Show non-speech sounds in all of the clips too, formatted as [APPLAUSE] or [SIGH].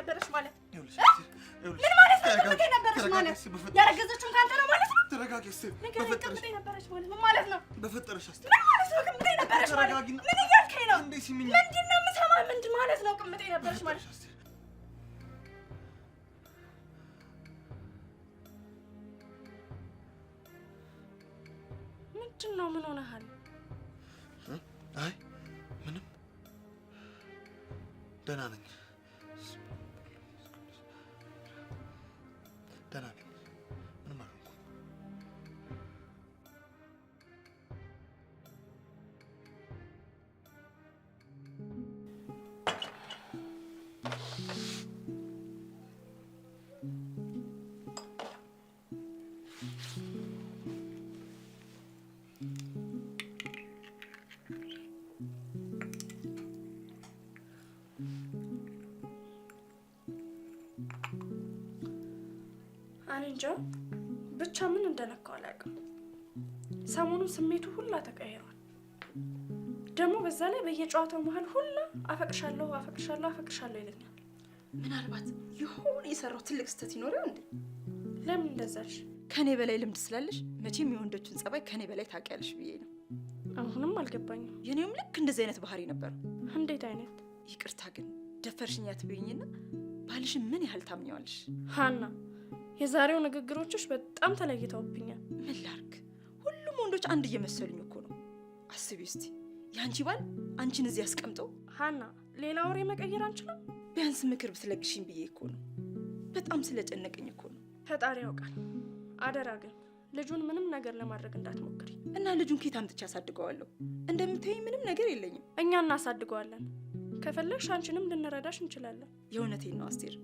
ነበረች ማለት ምን ማለት ነበረች ማለት ያረገዘችውን ከአንተ ነው ማለት ነው። ተረጋጊ እስኪ። ምን ማለት ነው? ምን ማለት ነው? ቅምጤ ነበረች ማለት ምን እያልከኝ ነው? ምንድን ነው የምሰማው? ምንድን ማለት ነው? ቅምጤ ነበረች ማለት ምንድን ነው? ምን ሆነሃል? አይ ምንም ደህና ነኝ። እኔ እንጃ ብቻ ምን እንደነካው አላውቅም። ሰሞኑን ስሜቱ ሁላ ተቀይሯል። ደግሞ በዛ ላይ በየጨዋታው መሀል ሁላ አፈቅርሻለሁ፣ አፈቅርሻለሁ፣ አፈቅርሻለሁ ይለኛል። ምናልባት የሆነ የሰራው ትልቅ ስህተት ይኖረው እንዴ? ለምን እንደዛልሽ? ከኔ በላይ ልምድ ስላለሽ መቼም የወንዶችን ጸባይ ከኔ በላይ ታውቂያለሽ ብዬ ነው። አሁንም አልገባኝም። የኔውም ልክ እንደዚህ አይነት ባህሪ ነበር። እንዴት አይነት? ይቅርታ ግን ደፈርሽኛ ትብኝና ባልሽን ምን ያህል ታምኘዋለሽ ሀና? የዛሬው ንግግሮችሽ በጣም ተለይተውብኛል። ምን ላድርግ? ሁሉም ወንዶች አንድ እየመሰሉኝ እኮ ነው። አስቢ እስቲ የአንቺ ባል አንቺን እዚህ አስቀምጦ። ሀና፣ ሌላ ወሬ መቀየር አንችልም? ቢያንስ ምክር ብትለግሽኝ ብዬ እኮ ነው። በጣም ስለጨነቀኝ እኮ ነው። ፈጣሪ ያውቃል። አደራ ግን ልጁን ምንም ነገር ለማድረግ እንዳትሞክሪ እና ልጁን ኬት አምጥቼ አሳድገዋለሁ? እንደምታይኝ ምንም ነገር የለኝም። እኛ እናሳድገዋለን። ከፈለግሽ አንቺንም ልንረዳሽ እንችላለን። የእውነቴን ነው አስቴር፣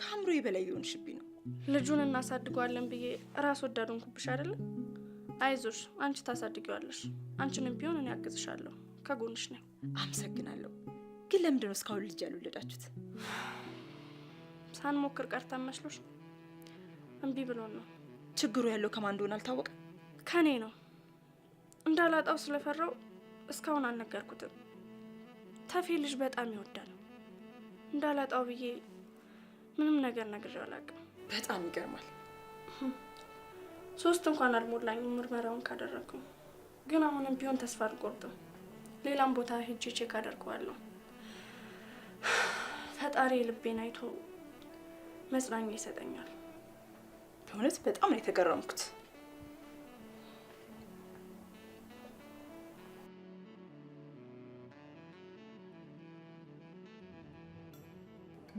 ከአእምሮዬ በላይ የሆንሽብኝ ነው። ልጁን እናሳድገዋለን ብዬ ራስ ወዳዱን ኩብሽ አይደለም? አይዞሽ፣ አንቺ ታሳድጊዋለሽ። አንቺንም ቢሆን እኔ ያግዝሻለሁ፣ ከጎንሽ ነኝ። አመሰግናለሁ። ግን ለምንድነው እስካሁን ልጅ ያልወለዳችሁት? ሳንሞክር ቀርተን መስሎሽ? እምቢ ብሎን ነው። ችግሩ ያለው ከማን እንደሆነ አልታወቀም? ከኔ ነው። እንዳላጣው ስለፈራው እስካሁን አልነገርኩትም። ተፌ ልጅ በጣም ይወዳል። እንዳላጣው ብዬ ምንም ነገር ነግሬው አላውቅም። በጣም ይገርማል። ሶስት እንኳን አልሞላኝም ምርመራውን ካደረግኩ። ግን አሁንም ቢሆን ተስፋ አልቆርጥም። ሌላም ቦታ ሄጄ ቼክ አደርገዋለሁ። ፈጣሪ ልቤን አይቶ መጽናኛ ይሰጠኛል። በእውነት በጣም ነው የተገረምኩት።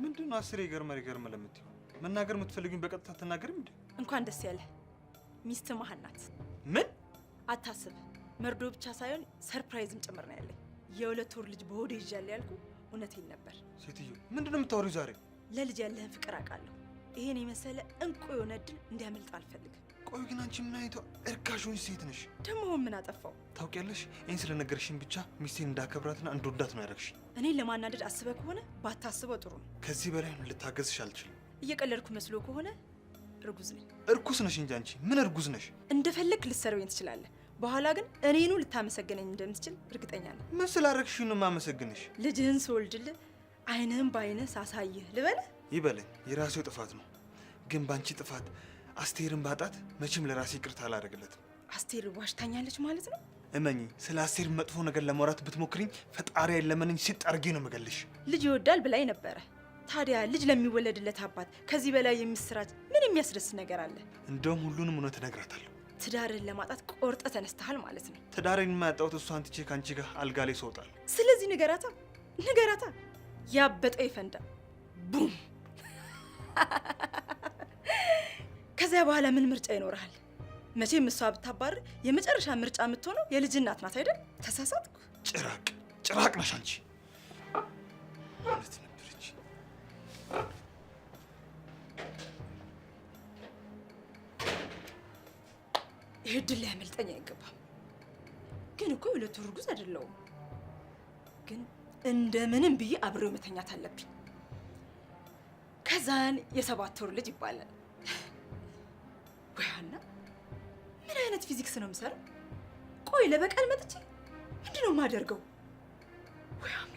ምንድን ነው አስሬ ገርመል ገርመል ለምትይው መናገር የምትፈልጉኝ በቀጥታ ትናገርም እንዴ? እንኳን ደስ ያለ ሚስት መሀል ናት። ምን አታስብ። መርዶ ብቻ ሳይሆን ሰርፕራይዝም ጭምር ነው ያለኝ። የሁለት ወር ልጅ በሆዴ ይዣለሁ ያልኩ እውነቴን ነበር። ሴትዮ ምንድን ነው የምታወሪው ዛሬ? ለልጅ ያለህን ፍቅር አውቃለሁ። ይሄን የመሰለ እንቁ የሆነ እድል እንዲያመልጥ አልፈልግም። ቆይ ግን አንቺ ምን አይቷ እርካሽ ሆንሽ ሴት ነሽ። ደግሞ ምን አጠፋው ታውቂያለሽ? ይህን ስለነገርሽኝ ብቻ ሚስቴን እንዳከብራትና እንደወዳት ነው ያደረግሽ። እኔን ለማናደድ አስበህ ከሆነ ባታስበው ጥሩ ነው። ከዚህ በላይ ልታገዝሽ አልችልም። እየቀለድኩ መስሎ ከሆነ እርጉዝ ነኝ። እርኩስ ነሽ እንጂ አንቺ ምን እርጉዝ ነሽ? እንደፈለግ ልትሰርበኝ ትችላለህ። በኋላ ግን እኔኑ ልታመሰግነኝ እንደምትችል እርግጠኛ ነኝ። ምን ስላደረግሽ ነው የማመሰግንሽ? ልጅህን ስወልድልህ አይንህን በአይነ ሳሳይህ ልበል ይበለኝ። የራሴው ጥፋት ነው፣ ግን ባንቺ ጥፋት አስቴርን ባጣት መቼም ለራሴ ይቅርታ አላደርግለትም። አስቴር ዋሽታኛለች ማለት ነው? እመኚ፣ ስለ አስቴር መጥፎ ነገር ለማውራት ብትሞክሪኝ ፈጣሪ አይለመንኝ ሲጥ ነው የምገልሽ። ልጅ ይወዳል ብላኝ ነበረ ታዲያ ልጅ ለሚወለድለት አባት ከዚህ በላይ የሚስራች ምን የሚያስደስት ነገር አለ? እንደውም ሁሉንም እውነት እነግራታለሁ። ትዳርን ለማጣት ቆርጠ ተነስተሃል ማለት ነው። ትዳርን የማያጣሁት እሷን ትቼ ከአንቺ ጋር አልጋ ላይ ሰውጣል። ስለዚህ ንገራታ፣ ንገራታ። ያበጠ ይፈንዳ። ቡም። ከዚያ በኋላ ምን ምርጫ ይኖርሃል? መቼም እሷ ብታባር የመጨረሻ ምርጫ የምትሆነው የልጅ እናት ናት አይደል? ተሳሳትኩ። ጭራቅ ጭራቅ ነሽ አንቺ። ይህ እድል ሊያመልጠኝ አይገባም። ግን እኮ የሁለት ወር እርጉዝ አይደለሁም። ግን እንደምንም ብዬ አብሬው መተኛት አለብኝ። ከዛን የሰባት ወር ልጅ ይባላል። ወያና ምን አይነት ፊዚክስ ነው የምሰራው? ቆይ ለበቀል መጥቼ ምንድነው ነው የማደርገው? ወያም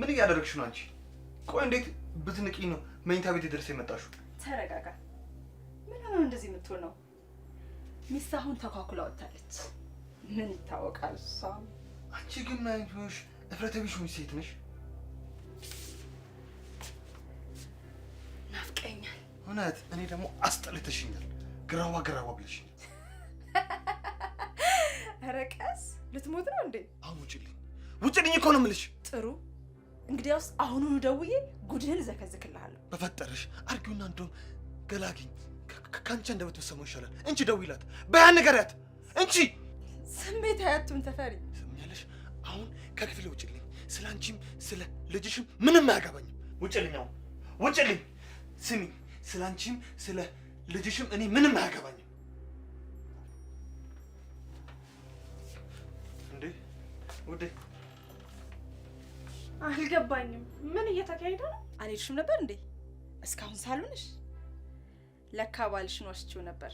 ምን እያደረግሽ ነው አንቺ? ቆይ እንዴት ብትንቂ ነው መኝታ ቤት ድረስ የመጣሹ? ተረጋጋ። ምን ሆነ እንደዚህ የምትሆነው? ሚስት አሁን ተኳኩላ ወጥታለች። ምን ይታወቃል እሷም። አንቺ ግን ምን አይነት ሆንሽ? እፍረተ ቢስ ሴት ነሽ። ናፍቀኛል። እውነት እኔ ደግሞ አስጠልተሽኛል። ግራዋ ግራዋ ብለሽኛል። [LAUGHS] ኧረ ቀስ ልትሞት ነው እንዴ? አሁን ውጭልኝ፣ ውጭልኝ እኮ ነው የምልሽ። ጥሩ እንግዲያውስ አሁኑኑ ደውዬ ጉድህን እዘከዝክልሃለሁ። በፈጠረሽ አርጊውና እንደውም ገላግኝ ከአንቺ እንደምትሰማው ይሻላል። እንቺ ደውይላት በያ ንገሪያት። እንቺ ስሜት አያቱም ተፈሪ ስምኛለሽ። አሁን ከክፍል ውጭልኝ። ስለ አንቺም ስለ ልጅሽም ምንም አያገባኝም። ውጭልኝ፣ አሁን ውጭልኝ። ስሚ፣ ስለ አንቺም ስለ ልጅሽም እኔ ምንም አያገባኝም። እንዴ ውዴ አልገባኝም። ምን እየተካሄደ ነው? አልሄድሽም ነበር እንዴ? እስካሁን ሳልሆንሽ ለካ ባልሽን ወስችው ነበር።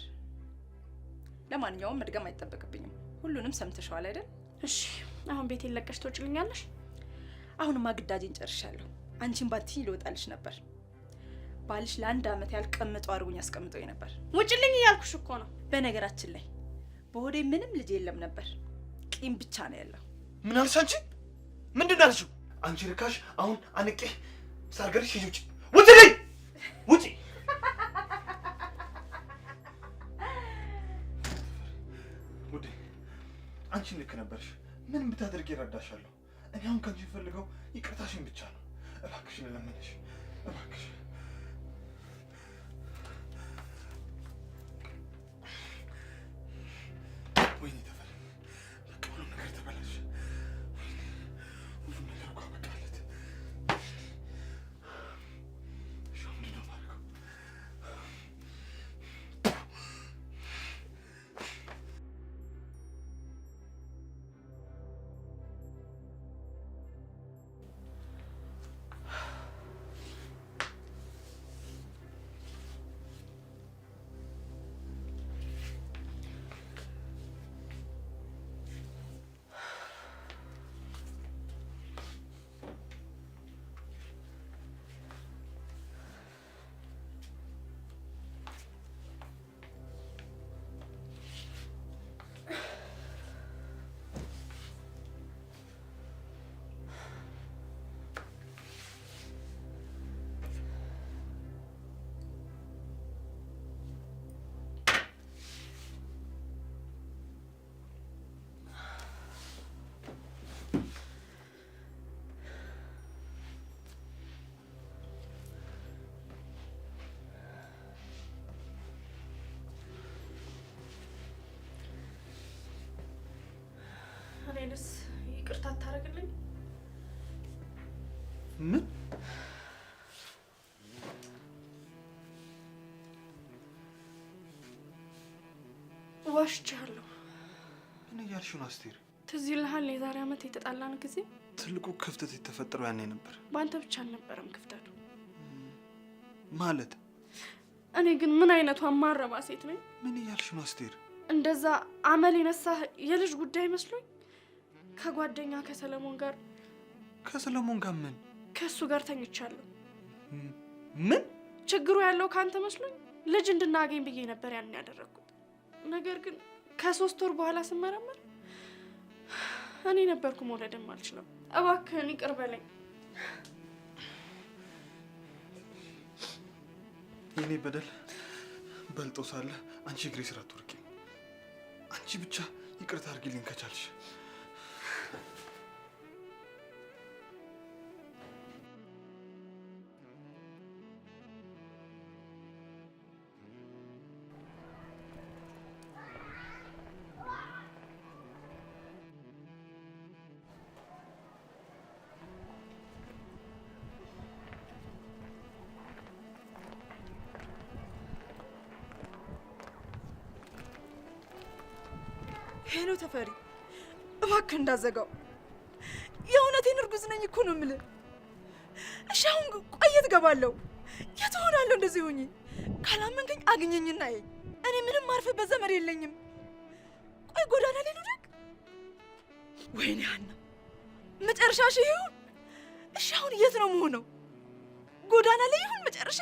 ለማንኛውም መድገም አይጠበቅብኝም። ሁሉንም ሰምተሽዋል አይደል? እሺ፣ አሁን ቤቴን ለቀሽ ትወጭልኛለሽ? አሁንማ ግዳጄን ጨርሻለሁ። አንቺን ባትይ ልወጣልሽ ነበር። ባልሽ ለአንድ ዓመት ያህል ቀምጦ አድርጎኝ አስቀምጦኝ ነበር። ውጭልኝ እያልኩሽ እኮ ነው። በነገራችን ላይ በሆዴ ምንም ልጅ የለም ነበር፣ ቂም ብቻ ነው ያለው። ምን አልሽ አንቺ? ምንድን አልሽው? አንቺ ርካሽ፣ አሁን አንቄ ሳርገርሽ ሂጂ ውጭ ውጭ ልኝ ውጭ። ውዴ አንቺ ልክ ነበርሽ። ምን ብታደርጊ እረዳሻለሁ። እኔ አሁን ከአንቺ የምፈልገው ይቅርታሽን ብቻ ነው። እባክሽን እለምንሽ፣ እባክሽ ባይልስ ይቅርታ አታደርግልኝ? ምን ዋሽቻለሁ? ምን እያልሽ ነው አስቴር? ትዝ ይልሃል የዛሬ ዓመት የተጣላን ጊዜ? ትልቁ ክፍተት የተፈጠረው ያኔ ነበር። በአንተ ብቻ አልነበረም ክፍተቱ። ማለት እኔ ግን ምን አይነቷ ማረባ ሴት ነኝ? ምን እያልሽ ነው አስቴር? እንደዛ አመል የነሳህ የልጅ ጉዳይ መስሎኝ ከጓደኛ ከሰለሞን ጋር ከሰለሞን ጋር ምን ከእሱ ጋር ተኝቻለሁ። ምን ችግሩ ያለው ከአንተ መስሎኝ ልጅ እንድናገኝ ብዬ ነበር ያንን ያደረግኩት። ነገር ግን ከሶስት ወር በኋላ ስመረመር እኔ ነበርኩ መውለድም አልችለም። እባክህን ይቅር በለኝ። የኔ በደል በልጦ ሳለ አንቺ እግሬ ስር አትወርቂም። አንቺ ብቻ ይቅርታ አድርጊልኝ ከቻልሽ ሄሎ ተፈሪ፣ እባክህ እንዳዘጋው። የእውነቴን እርጉዝ ነኝ እኮ ነው የምልህ። እሺ አሁን ቆይ የት እገባለሁ? የት እሆናለሁ? እንደዚህ ሆኜ ካላመንከኝ አግኘኝና ይኝ። እኔ ምንም ማርፍበት ዘመድ የለኝም። ቆይ ጎዳና ላይ ልውደቅ? ወይኔ ሀና፣ መጨረሻሽ ይሁን። እሺ አሁን የት ነው መሆነው? ጎዳና ላይ ይሁን መጨረሻ